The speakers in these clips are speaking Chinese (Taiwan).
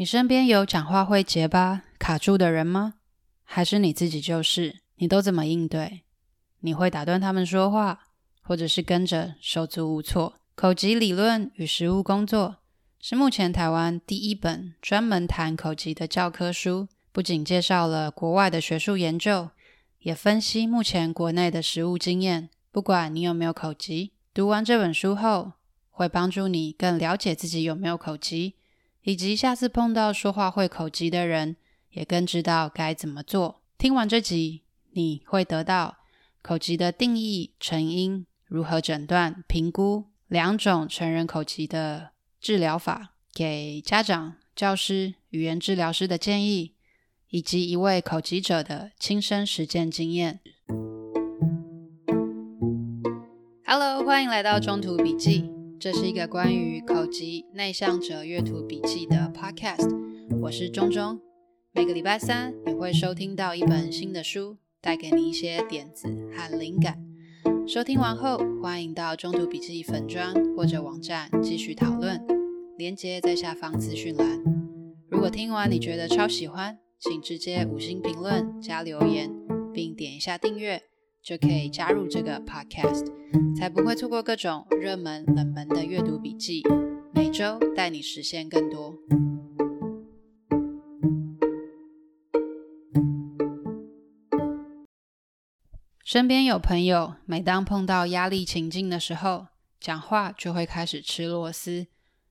你身邊有講話會結巴卡住的人嗎？還是你自己就是？你都怎麼應對？你會打斷他們說話，或者是跟着手足無措？口吃理論與實務工作是目前台灣第一本專門談口吃的教科書，不僅介紹了國外的學術研究，也分析目前國內的實務經驗。不管你有沒有口吃，讀完這本書後，會幫助你更了解自己有沒有口吃。以及下次碰到說話會口吃的人，也更知道該怎麼做。聽完這集，你會得到口吃的定義、成因、如何診斷、評估兩種成人口吃的治療法，給家長、教師、語言治療師的建議，以及一位口吃者的親身實踐經驗。Hello，歡迎來到中途筆記。這是一個關於口吃內向者閱讀筆記的 podcast，我是鍾鍾。每個禮拜三你會收聽到一本新的書，帶給你一些點子和靈感。收聽完後，歡迎到中途筆記粉專或者網站繼續討論，鏈接在下方資訊欄。如果聽完你覺得超喜歡，請直接五星評論加留言，並點一下訂閱，就可以加入這個 podcast，才不會錯過各種熱門、冷門的閱讀筆記。每周帶你實現更多。身邊有朋友，每當碰到壓力情境的時候，講話就會開始吃螺絲，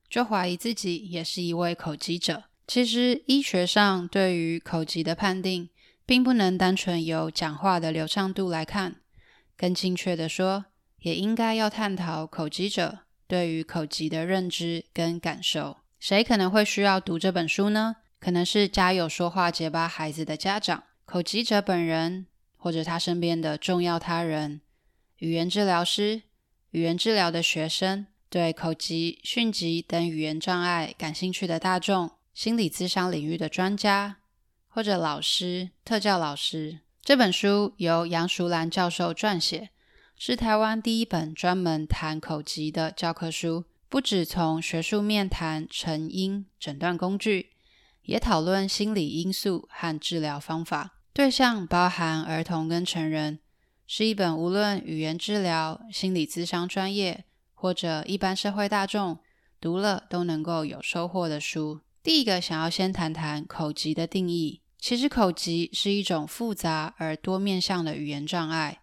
就懷疑自己也是一位口吃者。其實醫學上對於口吃的判定，並不能單純由講話的流暢度來看，更精確的說，也應該要探討口吃者對於口吃的認知跟感受。誰可能會需要讀這本書呢？可能是家有說話結巴孩子的家長、口吃者本人，或者他身邊的重要他人、語言治療師、語言治療的學生，對口吃、迅吃等語言障礙感興趣的大眾、心理諮商領域的專家。或者老師、特教老師，這本書由楊淑蘭教授撰寫，是台灣第一本專門談口吃的教科書。不只從學術面談成因、診斷工具，也討論心理因素和治療方法。對象包含兒童跟成人，是一本無論語言治療、心理諮商專業，或者一般社會大眾，讀了都能夠有收穫的書。第一個想要先談談口吃的定義。其實口吃是一種複雜而多面向的語言障礙。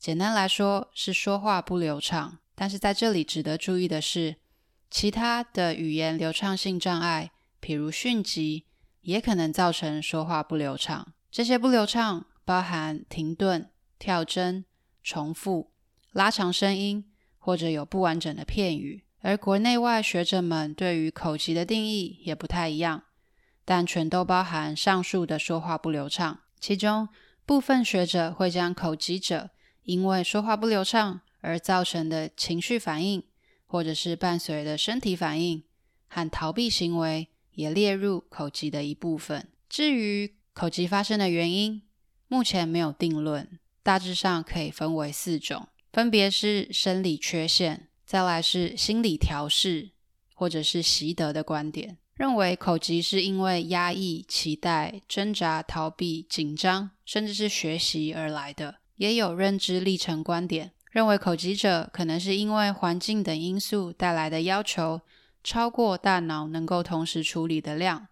簡單來說是說話不流暢。但是在這裡值得注意的是，其他的語言流暢性障礙，譬如迅吃，也可能造成說話不流暢。這些不流暢包含停頓、跳針、重複、拉長聲音，或者有不完整的片語。而國內外學者們對於口吃的定義也不太一樣，但全都包含上述的說話不流暢。其中部分學者會將口吃者因為說話不流暢而造成的情緒反應，或者是伴隨的身體反應和逃避行為，也列入口吃的一部分。至於口吃發生的原因，目前沒有定論，大致上可以分為四種，分別是生理缺陷。再來是心理調試或者是習得的觀點，認為口吃是因為壓抑、期待、掙扎、逃避、緊張，甚至是學習而來的。也有認知歷程觀點，認為口吃者可能是因為環境等因素帶來的要求超過大腦能夠同時處理的量，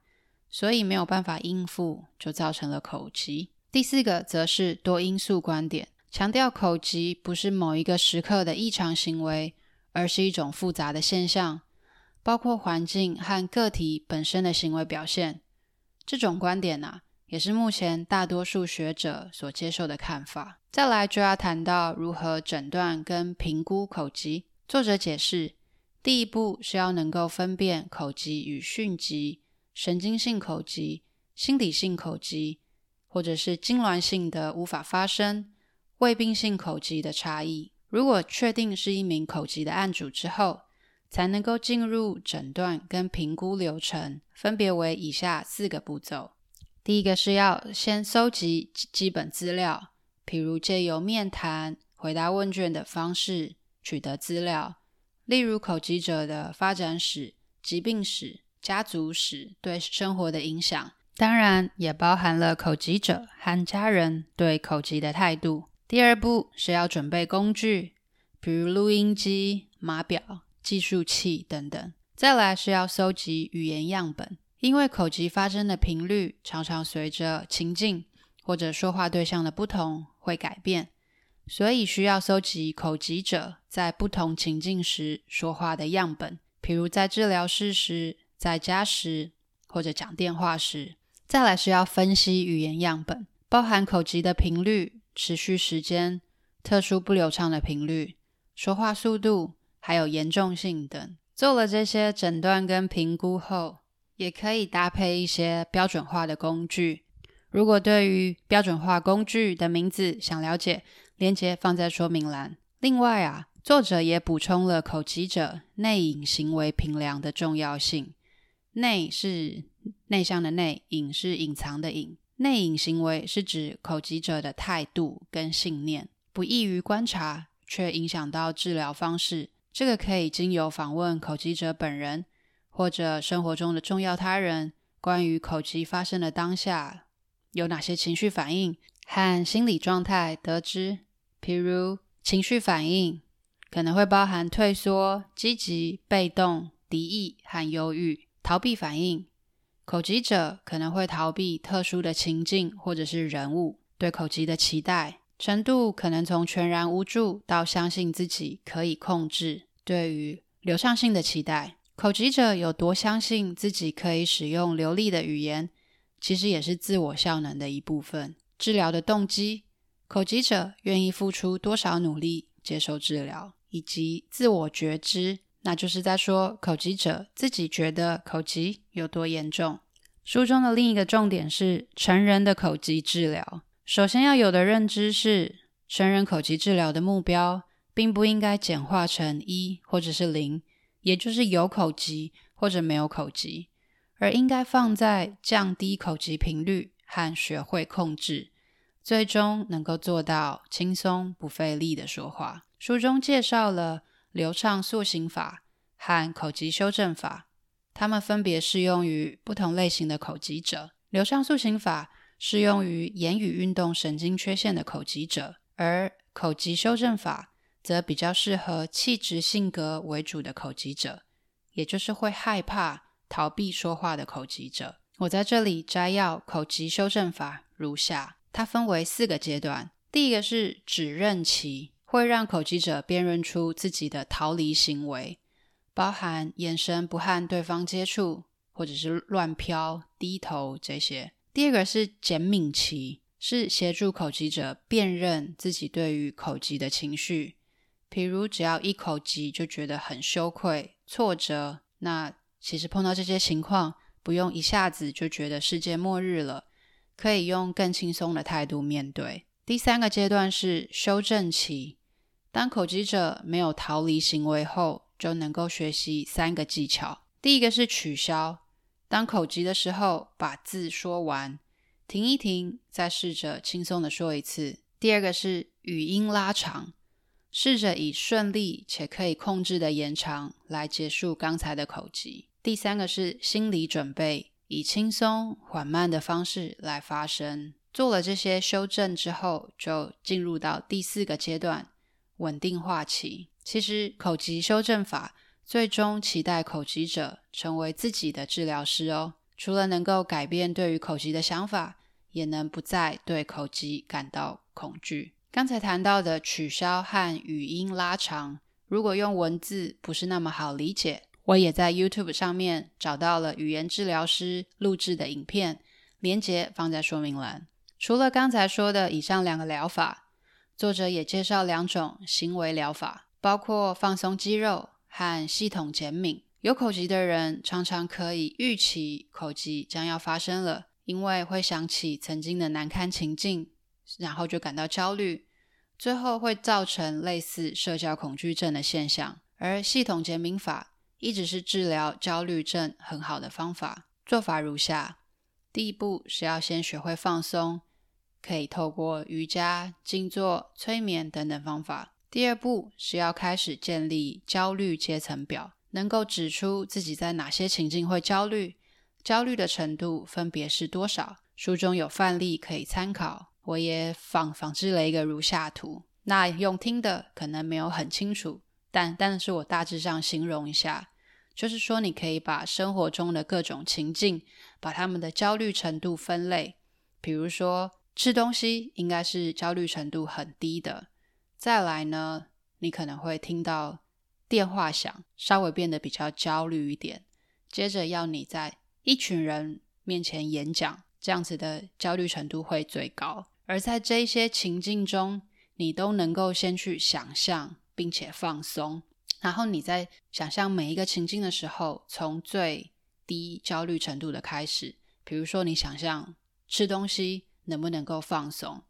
所以沒有辦法應付，就造成了口吃。第四個則是多因素觀點，強調口吃不是某一個時刻的異常行為。而是一種複雜的現象，包括環境和個體本身的行為表現。這種觀點呢、啊，也是目前大多數學者所接受的看法。再來就要談到如何診斷跟評估口吃。作者解釋，第一步是要能夠分辨口吃與迅吃、神經性口吃、心理性口吃，或者是痙攣性的無法發聲，偽病性口吃的差異。如果確定是一名口吃的案主之後，才能夠進入診斷跟評估流程，分別為以下四個步驟。第一個是要先搜集基本資料，譬如借由面談、回答問卷的方式取得資料，例如口吃者的發展史、疾病史、家族史、對生活的影響，當然也包含了口吃者和家人對口吃的態度。第二步是要準備工具，比如錄音機、碼表、計數器等等。再來是要搜集語言樣本，因為口吃發生的頻率常常隨着情境或者說話對象的不同會改變，所以需要搜集口吃者在不同情境時說話的樣本，譬如在治療室時、在家時或者講電話時。再來是要分析語言樣本，包含口吃的頻率。持續時間、特殊不流暢的頻率、說話速度，還有嚴重性等，做了這些診斷跟評估後，也可以搭配一些標準化的工具。如果對於標準化工具的名字想了解，連結放在說明欄。另外啊，作者也補充了口吃者內隱行為評量的重要性。內是內向的內，隱是隱藏的隱。內隱行為是指口吃者的態度跟信念，不易於觀察，卻影響到治療方式。這個可以經由訪問口吃者本人，或者生活中的重要他人，關於口吃發生的當下有哪些情緒反應和心理狀態得知。譬如情緒反應可能會包含退縮、積極、被動、敵意和憂鬱、逃避反應。口吃者可能會逃避特殊的情境或者是人物。對口吃的期待程度，可能從全然無助到相信自己可以控制。對於流暢性的期待，口吃者有多相信自己可以使用流利的語言，其實也是自我效能的一部分。治療的動機，口吃者願意付出多少努力接受治療，以及自我覺知。那就是在說口吃者自己覺得口吃有多嚴重。書中的另一個重點是成人的口吃治療。首先要有的認知是，成人口吃治療的目標，並不應該簡化成一或者是零，也就是有口吃或者沒有口吃，而應該放在降低口吃頻率和學會控制，最終能夠做到輕鬆不費力的說話。書中介紹了。流暢塑形法和口吃修正法，它們分別適用於不同類型的口吃者。流暢塑形法適用於言語運動神經缺陷的口吃者，而口吃修正法則比較適合氣質性格為主的口吃者，也就是會害怕、逃避說話的口吃者。我在這裡摘要口吃修正法如下：它分為四個階段，第一個是指認期。會讓口吃者辨認出自己的逃離行為，包含眼神不和對方接觸，或者是亂飄、低頭這些。第二個是減敏期，是協助口吃者辨認自己對於口吃的情緒，譬如只要一口吃就覺得很羞愧、挫折。那其實碰到這些情況，不用一下子就覺得世界末日了，可以用更輕鬆的態度面對。第三個階段是修正期。當口吃者沒有逃離行為後，就能夠學習三個技巧。第一個是取消，當口吃的時候，把字說完，停一停，再試着輕鬆地說一次。第二個是語音拉長，試着以順利且可以控制的延長來結束剛才的口吃。第三個是心理準備，以輕鬆緩慢的方式來發聲。做了這些修正之後，就進入到第四個階段。穩定化期，其實口吃修正法最終期待口吃者成為自己的治療師哦。除了能夠改變對於口吃的想法，也能不再對口吃感到恐懼。剛才談到的取消和語音拉長，如果用文字不是那麼好理解，我也在 YouTube 上面找到了語言治療師錄制的影片，連結放在說明欄。除了剛才說的以上兩個療法。作者也介紹兩種行為療法，包括放鬆肌肉和系統減敏。有口吃的人常常可以預期口吃將要發生了，因為會想起曾經的難堪情境，然後就感到焦慮，最後會造成類似社交恐懼症的現象。而系統減敏法一直是治療焦慮症很好的方法。做法如下：第一步是要先學會放鬆。可以透過瑜伽、靜坐、催眠等等方法。第二步是要開始建立焦慮階層表，能夠指出自己在哪些情境會焦慮，焦慮的程度分別是多少。書中有範例可以參考，我也仿仿製了一個如下圖。那用聽的可能沒有很清楚，但但是我大致上形容一下，就是說你可以把生活中的各種情境，把他們的焦慮程度分類，比如說。吃東西應該是焦慮程度很低的。再來呢，你可能會聽到電話響，稍微變得比較焦慮一點。接着要你在一群人面前演講，這樣子的焦慮程度會最高。而在這些情境中，你都能夠先去想象並且放鬆。然後你在想象每一個情境的時候，從最低焦慮程度的開始，比如說你想象吃東西。能不能夠放鬆？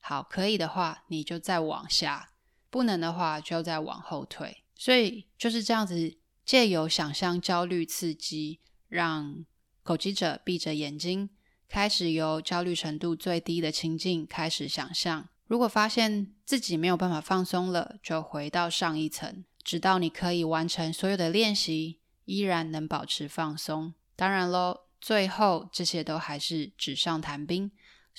好，可以的話你就再往下；不能的話就再往後退。所以就是這樣子，借由想象焦慮刺激，讓口吃者閉着眼睛，開始由焦慮程度最低的情境開始想象。如果發現自己沒有辦法放鬆了，就回到上一層，直到你可以完成所有的練習，依然能保持放鬆。當然嘍，最後這些都還是紙上談兵。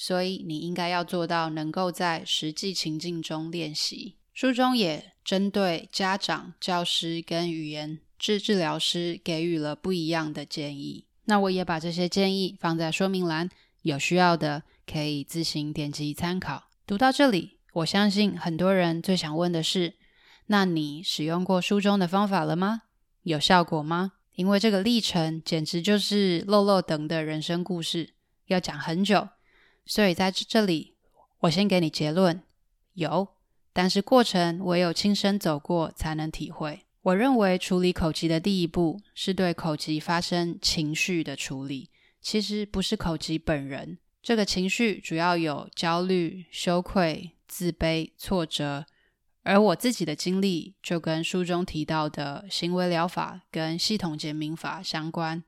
所以你應該要做到能夠在實際情境中練習。書中也針對家長、教師跟語言治治療師給予了不一樣的建議。那我也把這些建議放在說明欄，有需要的可以自行點擊參考。讀到這裡，我相信很多人最想問的是：那你使用過書中的方法了嗎？有效果嗎？因為這個歷程簡直就是落落長的人生故事，要講很久。所以在這裡，我先給你結論，有，但是過程唯有親身走過才能體會。我認為處理口吃的第一步是對口吃發生情緒的處理，其實不是口吃本人，這個情緒主要有焦慮、羞愧、自卑、挫折。而我自己的經歷就跟書中提到的行為療法跟系統減敏法相關。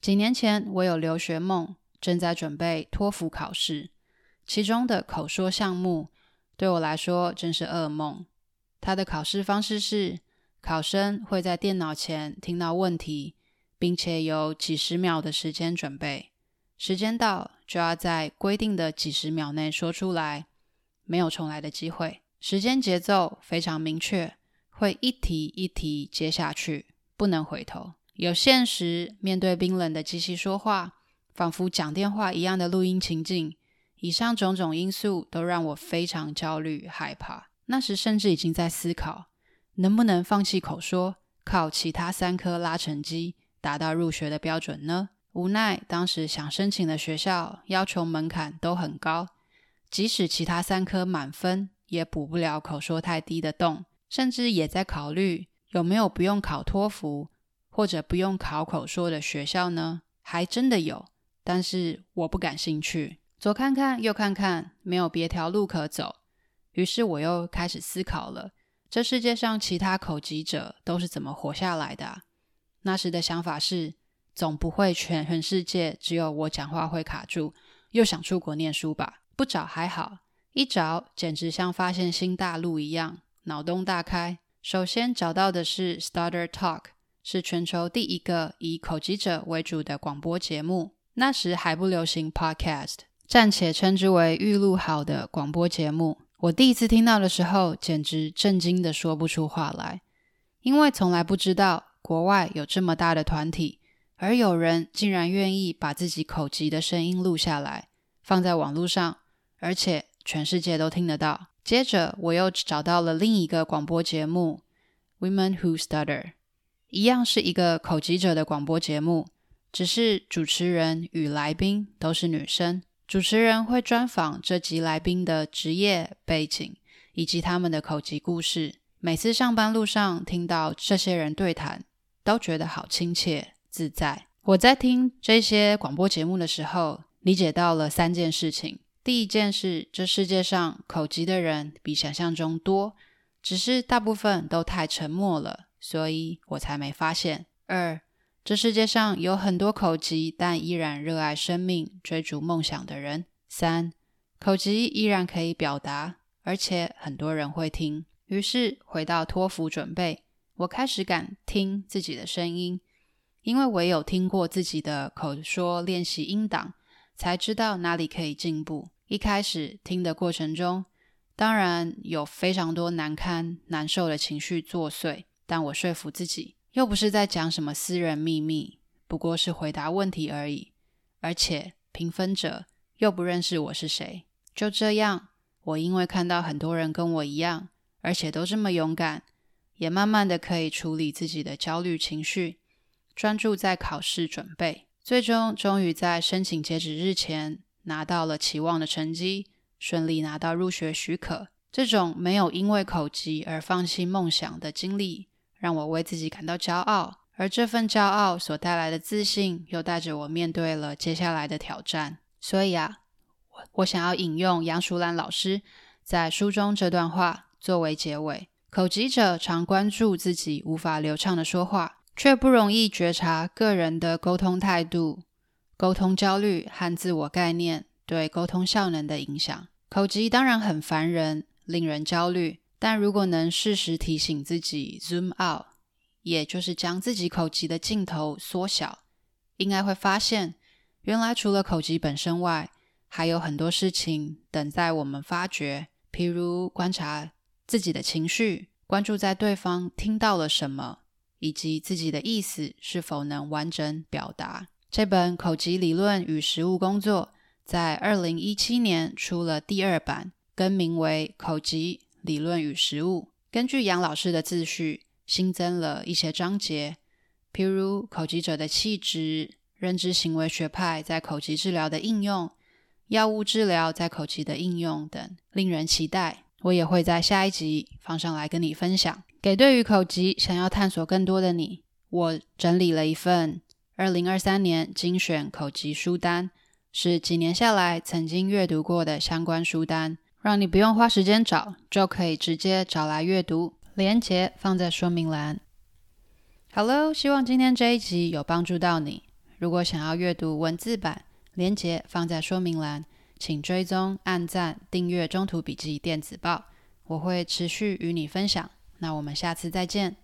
幾年前我有留學夢。正在準備托福考試，其中的口說項目對我來說真是噩夢。它的考試方式是，考生會在電腦前聽到問題，並且有幾十秒的時間準備。時間到就要在規定的幾十秒內說出來，沒有重來的機會。時間節奏非常明確，會一題一題接下去，不能回頭。有限時面對冰冷的機器說話。仿佛講電話一樣的錄音情境，以上種種因素都讓我非常焦慮、害怕。那時甚至已經在思考，能不能放棄口說，靠其他三科拉成績達到入學的標準呢？無奈當時想申請的學校要求門檻都很高，即使其他三科滿分，也補不了口說太低的洞。甚至也在考慮有沒有不用考托福或者不用考口說的學校呢？還真的有。但是我不感興趣，左看看右看看，沒有別條路可走。於是我又開始思考了：這世界上其他口吃者都是怎麼活下來的、啊？那時的想法是，總不會全全世界只有我講話會卡住。又想出國念書吧？不找還好，一找簡直像發現新大陸一樣，腦洞大開。首先找到的是 Stutter Talk，是全球第一個以口吃者為主的廣播節目。那時還不流行 Podcast，暫且稱之為預錄好的廣播節目。我第一次聽到的時候，簡直震驚得說不出話來，因為從來不知道國外有這麼大的團體，而有人竟然願意把自己口吃的聲音錄下來，放在網絡上，而且全世界都聽得到。接着，我又找到了另一個廣播節目《Women Who Stutter》，一樣是一個口吃者的廣播節目。只是主持人與來賓都是女生，主持人會專訪這集來賓的職業背景以及他們的口吃故事。每次上班路上聽到這些人對談，都覺得好親切自在。我在聽這些廣播節目的時候，理解到了三件事情：第一件事，這世界上口吃的人比想象中多，只是大部分都太沉默了，所以我才沒發現。二這世界上有很多口吃，但依然熱愛生命、追逐夢想的人。三，口吃依然可以表達，而且很多人會聽。於是回到托福準備，我開始敢聽自己的聲音，因為唯有聽過自己的口說練習音檔，才知道哪裡可以進步。一開始聽的過程中，當然有非常多難堪、難受的情緒作祟，但我說服自己。又不是在講什麼私人秘密，不過是回答問題而已。而且評分者又不認識我是誰。就這樣，我因為看到很多人跟我一樣，而且都這麼勇敢，也慢慢的可以處理自己的焦慮情緒，專注在考試準備。最終，終於在申請截止日前拿到了期望的成績，順利拿到入學許可。這種沒有因為口吃而放棄夢想的經歷。讓我為自己感到驕傲，而這份驕傲所帶來的自信，又帶着我面對了接下來的挑戰。所以啊我，我想要引用楊淑蘭老師在書中這段話作為結尾：口吃者常關注自己無法流暢的說話，卻不容易覺察個人的溝通態度、溝通焦慮和自我概念對溝通效能的影響。口吃當然很煩人，令人焦慮。但如果能適時提醒自己 zoom out，也就是將自己口吃的鏡頭縮小，應該會發現，原來除了口吃本身外，還有很多事情等待我們發掘，譬如觀察自己的情緒，關注在對方聽到了什麼，以及自己的意思是否能完整表達。這本口吃理論與實務工作在二零一七年出了第二版，更名為口吃。理論與實務，根據楊老師的自序，新增了一些章節，譬如口吃者的氣質、認知行為學派在口吃治療的應用、藥物治療在口吃的應用等，令人期待。我也會在下一集放上來跟你分享。給對於口吃想要探索更多的你，我整理了一份二零二三年精選口吃書單，是幾年下來曾經閱讀過的相關書單。讓你不用花時間找，就可以直接找來閱讀。連結放在說明欄。Hello，希望今天這一集有幫助到你。如果想要閱讀文字版，連結放在說明欄，請追蹤、按讚、訂閱《中途筆記電子報》，我會持續與你分享。那我們下次再見。